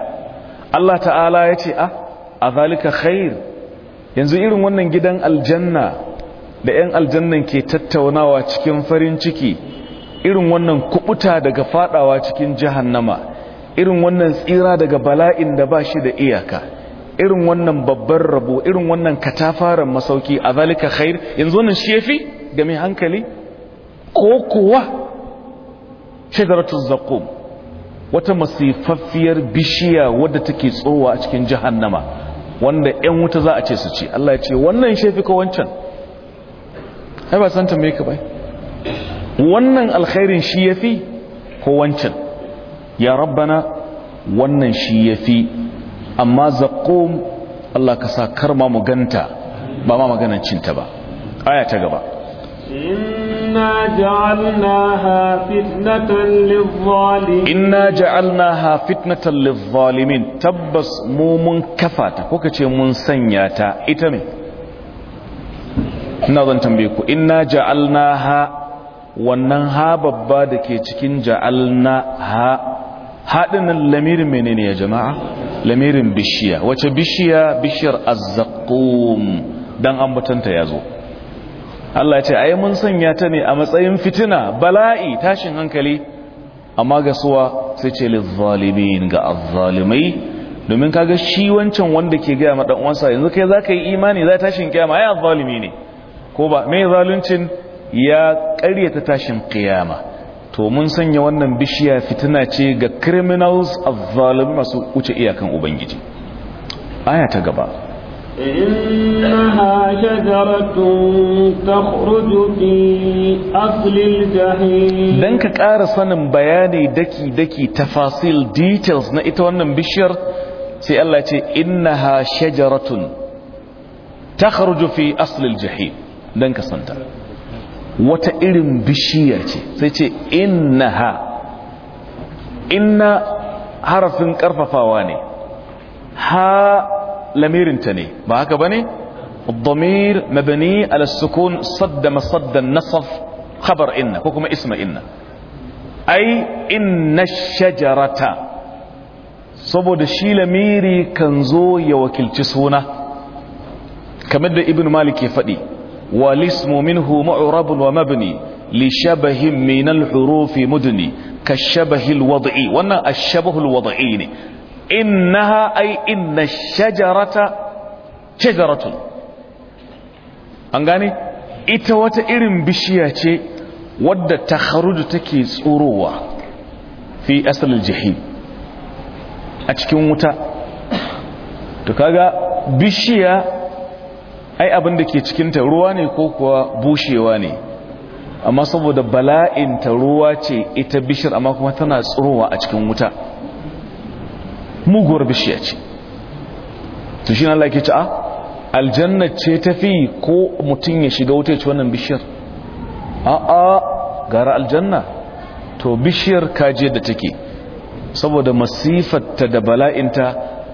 A: Allah ta'ala ya ce a ah, a zalika khair yanzu irin wannan gidan aljanna da 'yan aljannan ke tattaunawa cikin farin ciki irin wannan kubuta daga fadawa cikin jahannama irin wannan tsira daga bala'in da ba shi da iyaka irin wannan babban rabo irin wannan katafaren masauki a zalika khair yanzu wannan shi yafi ga mai hankali ko kuwa shagaratun zakum wata masifaffiyar bishiya wadda take tsowa a cikin jahannama wanda 'yan wuta za a ce su ci Allah ya ce wannan shafi ko wancan ai ba san tambaye ka bai wannan alkhairin shi yafi ko wancan ya rabbana wannan shi yafi amma zaqum Allah ka sa karma mu ganta ba ma maganar cinta ba aya ta gaba
B: إنا جعلناها فتنة للظالمين إنا
A: mun kafa ta ko kace mun sanya ta ita ne? ina zan tambaye ku inna ja'alnaha wannan ha babba da ke cikin ja'alna ha haɗinin lamirin menene ya jama'a lamirin bishiya wace bishiya bishiyar azzaqum dan ambatanta ya zo Allah ce ai mun sanya ta ne a matsayin fitina bala'i tashin hankali amma ga suwa sai ce zalimin ga azzalimai domin kaga shi wancan wanda ke gaya ma dan uwansa yanzu kai zaka yi imani za tashin kiyama ai azzalimi ne ko ba mai zaluncin ya ƙaryata tashin kiyama to mun sanya wannan bishiya fitina ce ga criminals azzalimi masu wuce iyakan ubangiji aya ta gaba
B: إنها شجرة تخرج في أصل الجحيم dan
A: ka ƙara sanin bayani daki-daki tafasil details na ita wannan bishiyar sai Allah ce innaha shajaratun takhruju fi asl al dan ka santa wata irin bishiya ce sai ce inna harafin ƙarfafawa ne ha lamirinta ne ba haka ba ne الضمير مبني على sadda صد مصد النصف خبر إن كما اسم إن أي إن الشجرة saboda shi lamiri kan zo ya wakilci suna kamar da ibn malik ya faɗi walismu minhu mu'rabun wa mabni li shabahin hurufi mudni ka shabahil wad'i wannan ash-shabahul wad'i ne
B: innaha
A: ai inna shajarata shajaratun an gane ita wata irin bishiya ce wadda ta harudu take tsorowa fi asalin jihim a cikin wuta to kaga bishiya ai abinda ke cikin ta ruwa ne ko kuwa bushewa ne amma saboda bala'inta ruwa ce ita bishir amma kuma tana tsirowa a cikin wuta muguwar bishiya ce to shi Allah ke ce a ah, aljanna ce ta fi ko mutum ya shiga wuta ya ci wannan bishiyar a a gara aljanna to bishiyar kaje da take saboda masifarta da bala'inta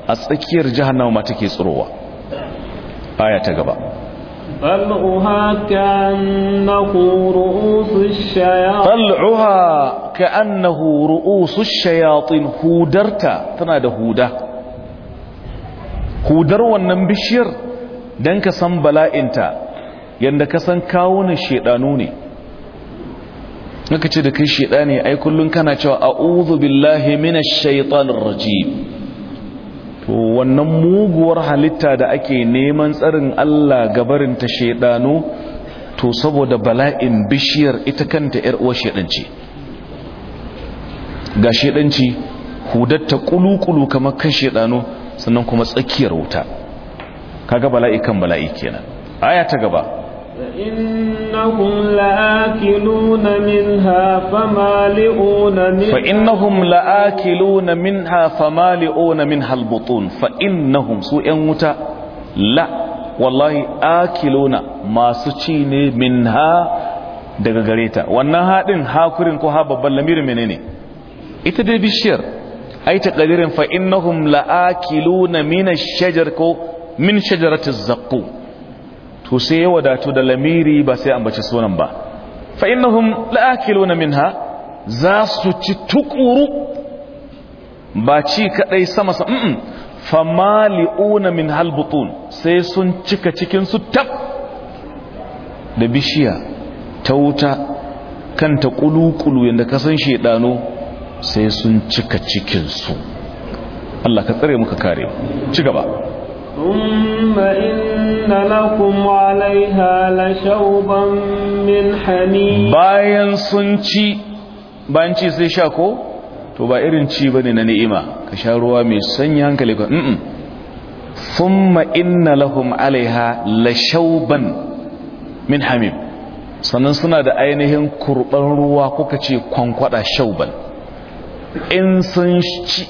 A: a tsakiyar jahannama ma take tsirowa aya ta gaba
B: طلعها كأنه رؤوس الشياطين طلعها كأنه رؤوس الشياطين
A: هودرتا تنادى هودا هودر والنبشير دنك سنبلا انت يندك كاون الشيطانوني لكن الشيطاني اي كلن كان اعوذ بالله من الشيطان الرجيم to wannan muguwar halitta da ake neman tsarin Allah gabarin ta shedano to saboda bala'in bishiyar ita kanta yar uwar shedanci ga shedanci hudatta kulukulu kamar kan shedano sannan kuma tsakiyar wuta kaga bala'i kan bala'i kenan aya ta gaba
B: فإنهم لآكلون منها فمالئون منها فإنهم لآكلون
A: منها فمالئون منها البطون فإنهم سوء متى لا والله آكلون ما سوشيني منها daga gare ta wannan haɗin hakurin ko ha babban lamirin menene ita dai bishiyar ai ta ƙadirin fa innahum la'akiluna min shajar ko min shajaratiz zaqqum to sai ya wadatu da lamiri ba sai ambaci sunan ba fa innahum la'akiluna minha za su ci tukuru ba ci kadai sama sama famali'una min halbutun sai sun cika cikin su tab da bishiya ta wuta kanta kulukulu yanda ka san shedano sai sun cika cikin su Allah ka tsare muka kare ci gaba
B: ثم إن لكم عليها لشوبا من حميم bayan sun ci bayan ci sai sha ko
A: to ba irin ci bane na ni'ima ka sha ruwa mai sanya hankali ka mm thumma inna lahum alaiha lashauban min hamim sannan suna da ainihin kurban ruwa kuka ce kwankwada shauban in sun ci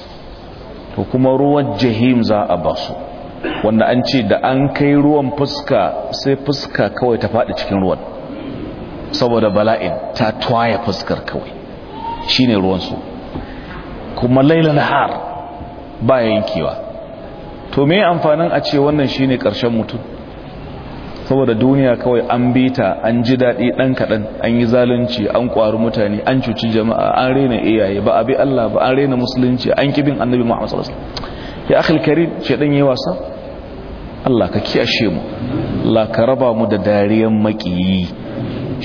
A: to kuma ruwan jahim za a basu wanda an ce da an kai ruwan fuska sai fuska kawai ta faɗi cikin ruwan saboda bala'in ta twaya fuskar kawai shine ruwansu kuma lailan har ba yankewa to me amfanin a ce wannan shine ƙarshen mutum saboda duniya kawai an bita an ji daɗi ɗan kaɗan an yi zalunci an ƙwari mutane an cuci jama'a an rena iyaye ba a bi Allah ba an rena musulunci an kibin annabi Muhammad sallallahu alaihi ya akhil karim shedan yi wasa Allah ka kiyashe mu Allah ka raba mu da dariyan makiyi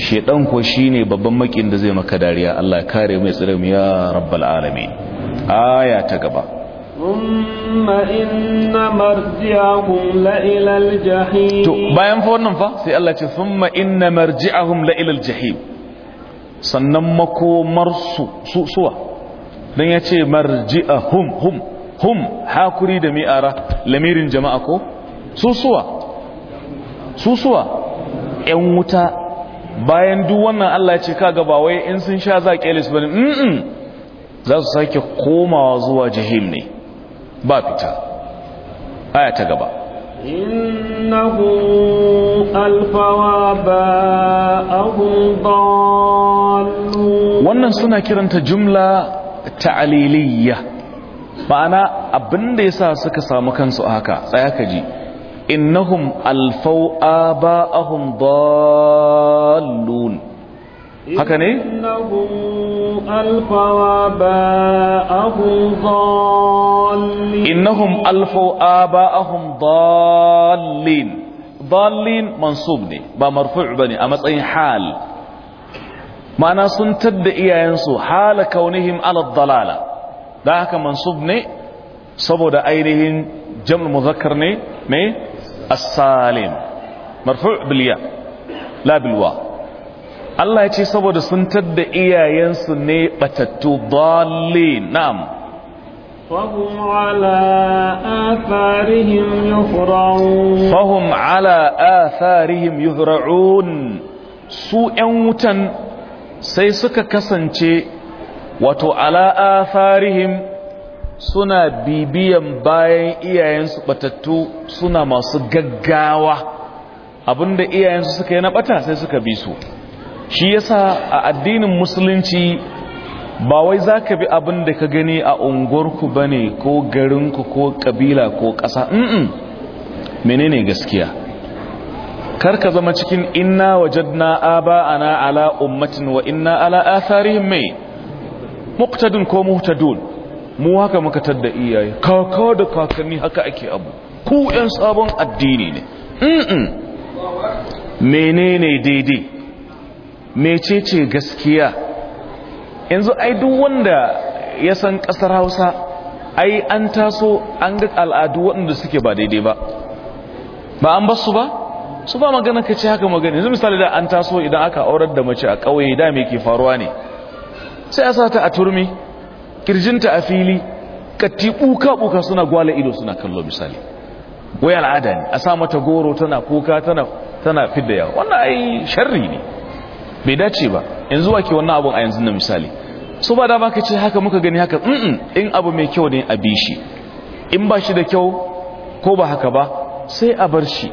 A: shedan ko shine babban makin da zai maka dariya Allah ya kare mu ya tsare mu ya rabbal alamin aya ta gaba
B: ثم إن مرجعهم لإلى الجحيم
A: fa sai Allah ce سي الله ثم إن مرجعهم لإلى الجحيم sannan makomarsu su suwa Dan ya ce marji'ahum hum hum hakuri da mi'ara lamirin jama'a ko susuwa susuwa yan wuta bayan duk wannan Allah ya ce kaga ba wai in sun sha za kelis bane mm za su sake komawa zuwa jahim ne ba fita aya ta gaba
B: innahu alfawa ahdallu wannan suna kiranta
A: jumla ta'aliliyah ma'ana abinda yasa suka samu kansu haka tsaya ka ji innahum
B: alfau aba'ahum dallun haka ne innahum alfau aba'ahum dallin innahum alfau aba'ahum dallin
A: dallin mansub ne ba marfu' bane a matsayin hal ma'ana sun tadda iyayensu hala kaunihim ala dalala da haka mansub ne saboda ainihin jam'ul muzakkar ne mai as-salim marfu' bil ya la bil wa Allah ya ce saboda sun tadda iyayensu ne batattu dallin na'am
B: فهم على آثارهم يهرعون فهم على آثارهم يهرعون su ƴan wutan
A: sai suka kasance wato ala atharihim suna bibiyan bayan iyayensu batattu suna masu gaggawa abinda iyayensu suka yi na bata sai suka bi su shi yasa a addinin musulunci ba wai za ka bi abin da ka gani a unguwarku ba ne ko garinku ko kabila ko ƙasa mm menene gaskiya kar ka zama cikin inna wajadna ana ala ummatin wa inna ala atharihim mai muqtadun ko muhtadun mu haka muka tadda iyaye kaka da kakanni haka ake abu ku yan sabon addini ne mm menene daidai mecece gaskiya yanzu ai duk wanda ya san kasar Hausa ai an taso an ga al'adu waɗanda suke ba daidai ba ba an basu ba su ba magana ka ce haka magana yanzu misali da an taso idan aka aurar da mace a ƙauye da me ke faruwa ne sai a sata a turmi kirjinta a fili katti buka-buka suna gwala ido suna kallo misali waya al'ada ne a sa mata goro tana kuka tana fidda yawa wannan ai sharri ne bai dace ba yanzu wake wannan abun a yanzu na misali su ba da ka ce haka muka gani haka in abu mai kyau ne a bi shi in ba shi da kyau ko ba haka ba sai a bar shi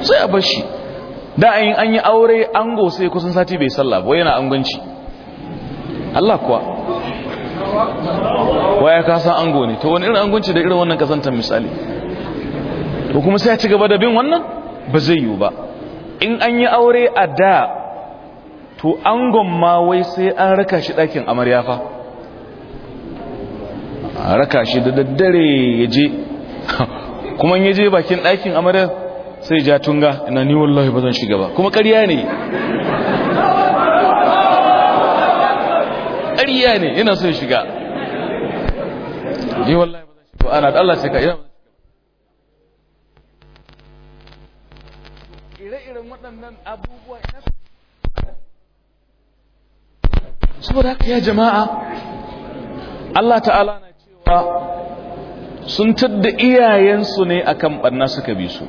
A: sai a bar shi da ayin an yi aure ango sai kusan sati bai sallah ba yana angonci Allah kuwa waya ka san ango ne to wani irin angonci da irin wannan kasantar misali to kuma sai ya ci gaba da bin wannan ba zai yiwu ba in an yi aure a da to angon ma wai sai an raka shi ɗakin amarya fa a raka shi da daddare ya je kuma yaje je bakin ɗakin amarya sai ja tunga ina ni wallahi ba zan shiga ba kuma ƙarya ne ƙarya ne ina son shiga ni wallahi ba zan shiga ba ana Allah sai ka ina ire-iren waɗannan abubuwa ina saboda haka ya jama'a Allah ta'ala na cewa sun tadda iyayensu ne akan barna suka bi su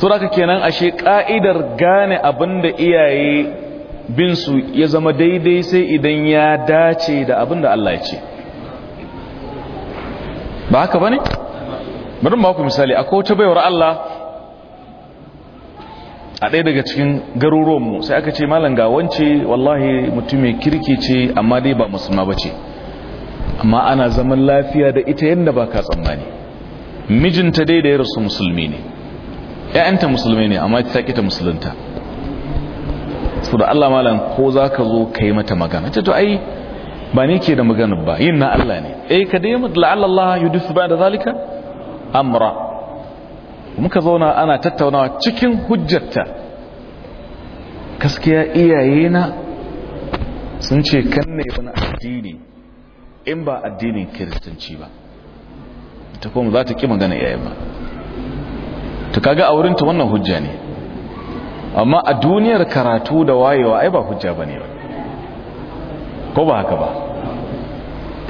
A: suraka kenan ashe ka'idar gane abin da iyaye bin su ya zama daidai sai idan ya dace da abin da Allah ya ce ba haka bane bari mu ku misali akwai wata baiwar Allah a ɗaya daga cikin garuruwanmu sai aka ce malam ga wance wallahi mutum mai kirki ce amma dai ba musulma ba ce amma ana zaman lafiya da ita yadda ba ka tsammani mijinta dai da ya rasu musulmi ne 'ya'yanta musulmai ne amma ta kita musulunta su da Allah malam ko za ka zo ka yi mata magana ta to ai ba ne ke da magana ba yin na Allah ne eh ka dai mutu la'allallah dusu ba da zalika amra muka zauna ana tattaunawa cikin hujjarta gaskiya iyayena sun ce kan ne wani addini in ba addinin kiristanci ba ta kuma za ta ƙi magana iyaye ba ta kaga a wurinta wannan hujja ne amma a duniyar karatu da wayewa ai ba hujja ba ne ba ko ba haka ba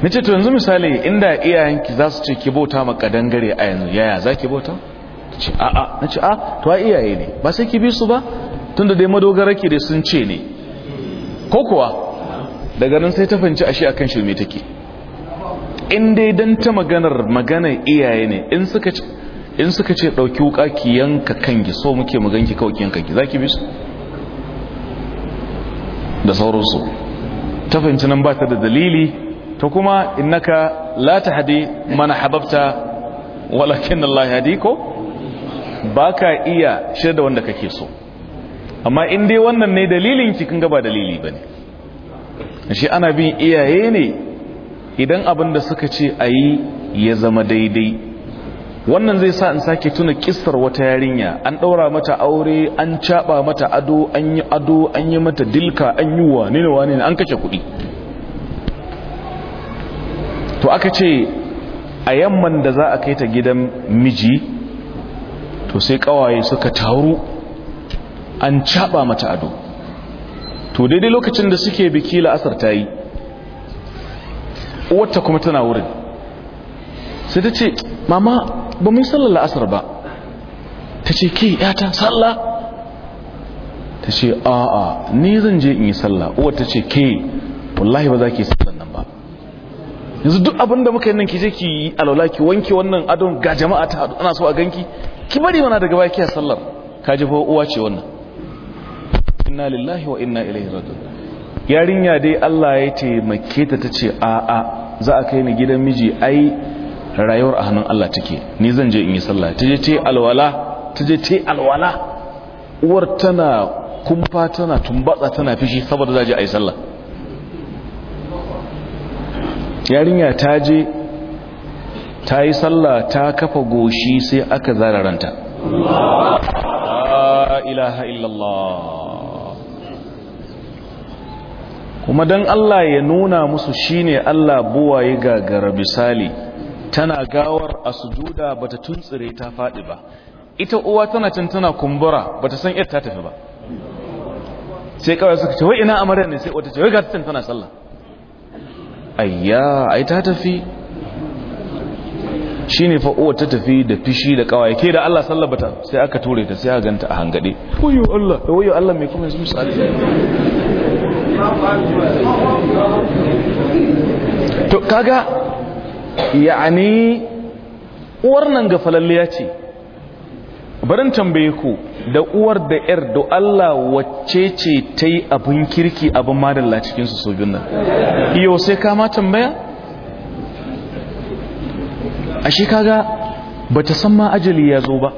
A: na ce to yanzu misali inda iyayenki za su ce ki bauta ma kadangare a yanzu yaya za ki bauta? ce a na ce a ah, to a iyaye ne ba sai ki bi su ba tun da dai madogara ki dai sun ce ne ko kuwa daga nan sai ta fanci ashe akan shirme take in dai dan ta maganar maganar iyaye ne in suka in suka ce ɗauki wuka ki yanka kanki so muke mu ganki kawai ki yanka ki zaki bi su da sauransu ta fahimci nan ba ta da dalili ta kuma innaka la ta hadi mana hababta walakin Allah ya hadi ko ba ka iya shirya da wanda kake so amma in dai wannan ne dalilin ki ga ba dalili ba shi ana bin iyaye ne idan abin da suka ce ayi ya zama daidai wannan zai sa in sake tuna kissar wata yarinya an ɗaura mata aure an caɓa mata ado an yi ado an yi mata dilka an yi wane ne wane an kashe kuɗi to aka ce a yamman da za a kai ta gidan miji to sai ƙawaye suka taru an caɓa mata ado to daidai lokacin da suke biki la'asar ta yi wata kuma tana wurin sai ta ce mama ba mu yi sallar la'asar ba ta ce ke yata sallah ta ce a'a ni zan je in yi sallah uwar ta ce ke wallahi ba za ki nan ba yanzu duk abin da muka yi nan ki je ki yi alaula ki wanke wannan adon ga jama'a ta hadu ana so a ganki ki bari mana daga baki a sallar ka ji fa uwa ce wannan inna lillahi wa inna ilaihi raji'un yarinya dai Allah ya taimake ta tace a'a za a kai ni gidan miji ai rayuwar a hannun Allah take ni zan je in yi sallah ta je alwala ta je alwala uwar tana kumfa tana tumbatsa tana fishi saboda za je a yi sallah yarinya ta je ta yi sallah ta kafa goshi sai aka zara ranta ilaha illallah kuma Dan Allah ya nuna musu shine Allah buwaye gagara misali tana gawar a sujuda tun tuntsire ta faɗi ba ita uwa tana can tana kumbura bata san yadda ta tafi ba sai kawai suka ce wai ina amarya ne sai wata ce wai ga can tana sallah ayya ai ta tafi Shi fa uwa ta tafi da fishi da kawai ke da Allah sallah bata sai aka ture ta sai aka ganta a hangade wayo Allah wayo Allah mai kuma yanzu misali to kaga yani uwar nan ga falalliya ce barin tambaye ku da uwar da yar da Allah wacce ce ta yi abin kirki abin madalla cikinsu su sojin nan iyo sai kama tambaya ashe kaga ba ta san ma ajali ya zo ba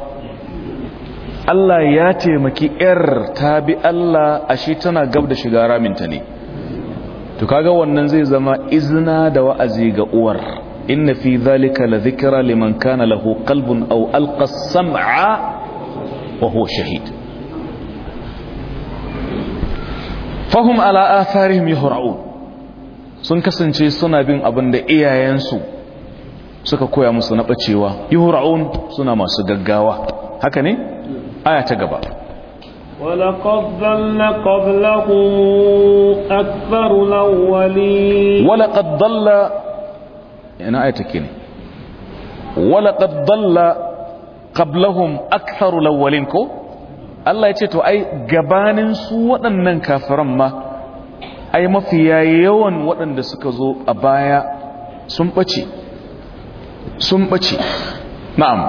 A: Allah ya taimaki yar ta bi Allah ashe tana gab da shiga raminta ne to kaga wannan zai zama izina da wa'azi ga uwar inna fi dhalika la dhikra liman kana lahu qalbun aw sama wa huwa shahid fahum ala sun kasance suna bin abin da iyayensu suka koya musu na bacewa yuhra'un suna masu gaggawa haka ne aya ta gaba
B: ولقد ضل قبله أكثر الأولين ولقد ضل ina ayata ke ne qad dalla
A: qablahum aktharu lawalin ko Allah ya ce to ai gabanin su waɗannan kafiran ma ai mafi yawan waɗanda suka zo a baya sun ɓaci. sun bace na'am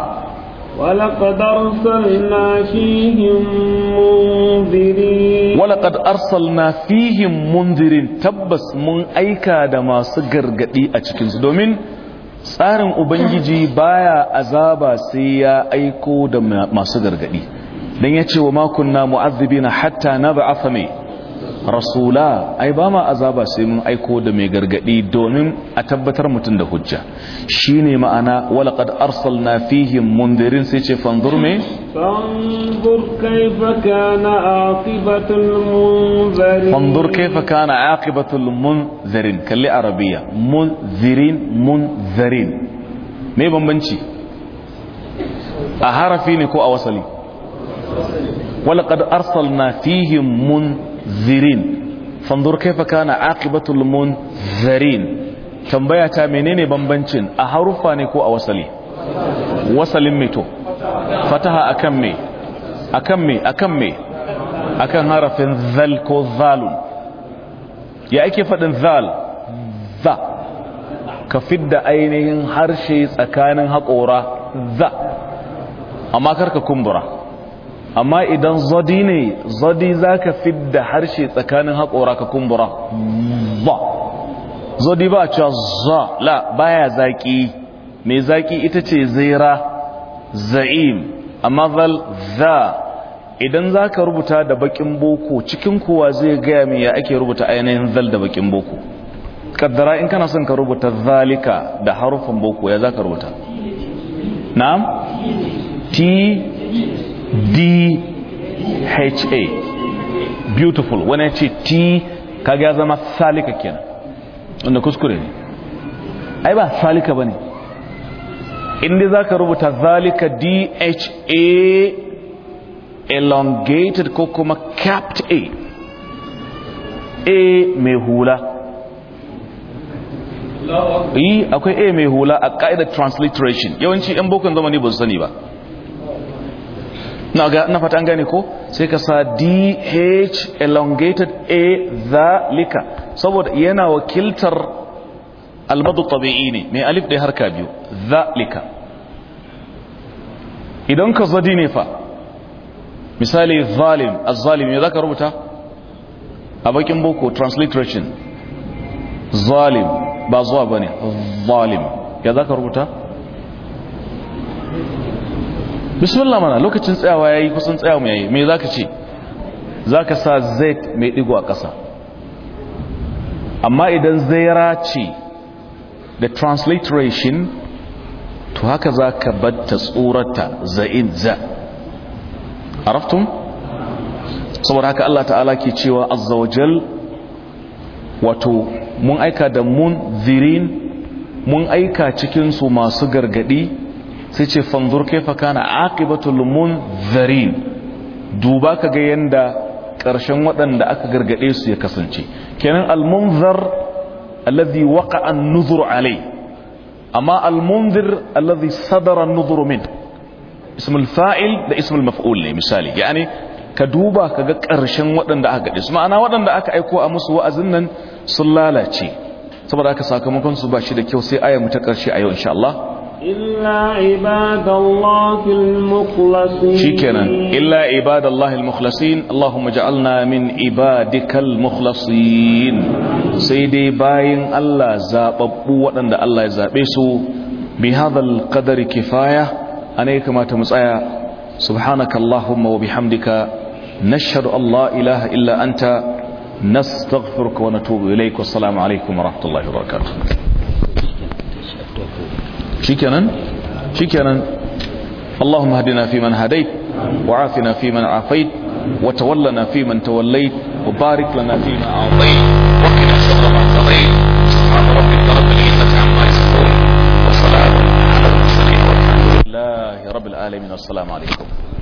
B: ولقد أرسلنا فيهم منذرين
A: ولقد أرسلنا فيهم منذرين تبس من أيكا دما سقر قدي أتكنز دومين tsarin ubangiji baya azaba sai ya aiko da masu gargadi dan ce wa na kunna na hatta nab'atha mai rasula ai ba ma azaba sai mun aiko da mai gargadi domin a tabbatar mutum da hujja Shi ne ma'ana walaqad arsalna fihim mundirin sai ce fanzur me
B: fanzur kaifa kana aqibatul munzirin fanzur kaifa
A: kana aqibatul munzirin kalli arabiya munzirin munzirin me bambanci a harafi ne ko a wasali walaqad arsalna fihim munzirin munzirin fanzur kaifa kana aqibatul munzirin tambaya ta menene bambancin a harufa ne ko a wasali wasalin me to fataha akan me akan me akan me akan harafin zal ko zalun ya ake faɗin zal za ka fidda ainihin harshe tsakanin haƙora za amma karka kumbura amma idan zodi ne zadi za ka fidda harshe tsakanin haƙora ka kumbura ba zadi ba cewa za la baya zaƙi mai zaƙi ita ce zaira za'im amma zal za idan za ka rubuta da bakin boko cikin kowa zai gaya mai ya ake rubuta ainihin zal da bakin boko kaddara in kana son ka rubuta zalika da harufin boko ya za ka rubuta na'am t dha beautiful wani ce t kaga ya zama salika kenan wanda kuskure ne ai ba salika ba ne inda za ka rubuta zalika dha elongated ko kuma capped a a mai hula yi akwai a mai hula a ƙa'idar transliteration yawanci 'yan zama ne ba su sani ba na fata an gane ko sai ka sa dh elongated a zalika saboda yana wakiltar almadu tabi'i ne mai alif da harka biyu zalika idan ka zadi ne fa misali zalim azzalim ne ka rubuta a bakin boko transliteration zalim ba zuwa bane zalim ya ka rubuta bismillah mana lokacin tsayawa yayi kusan tsayawa mu yayi me zaka ce zaka sa zait mai digo a ƙasa amma idan zaira ce the transliteration to haka zaka batta tsurata za'in za araftum saboda haka Allah ta'ala ke cewa azza wajal wato mun aika da mun zirin mun aika cikin su masu gargadi sai ce fanzur kaifa kana aqibatul munzirin duba kaga yanda ƙarshen waɗanda aka gargade su ya kasance kenan almunzar alladhi waqa'a an-nuzur alai amma almunzir alladhi sadara an-nuzur min ism al-fa'il da ism al-maf'ul ne misali yani ka duba kaga ƙarshen waɗanda aka gade su ma'ana waɗanda aka aiko a musu wa'azin nan sun lalace saboda aka sakamakon su bashi da kyau sai aya mu ta ƙarshe a yau insha Allah
B: illa ibadallahi al-mukhlasin shikenan
A: illa ibadallahi al-mukhlasin Allahumma ja'alna min ibadikal mukhlasin sai dai bayin Allah zababbu waɗanda Allah ya zabe su bi hadhal qadari kifaya anai kamata mu tsaya subhanaka Allahumma wa bihamdika nashhadu an la ilaha illa anta nastaghfiruka wa natubu ilayk wa assalamu alaykum wa rahmatullahi wa barakatuh شكرا شكرا اللهم اهدنا فيمن هديت وعافنا فيمن عافيت وتولنا فيمن توليت وبارك لنا فيما
B: أعطيت وقنا شر ما قضيت سبحان ربك رب العزة عما يصفون وسلام على المرسلين والحمد لله
A: رب العالمين والسلام عليكم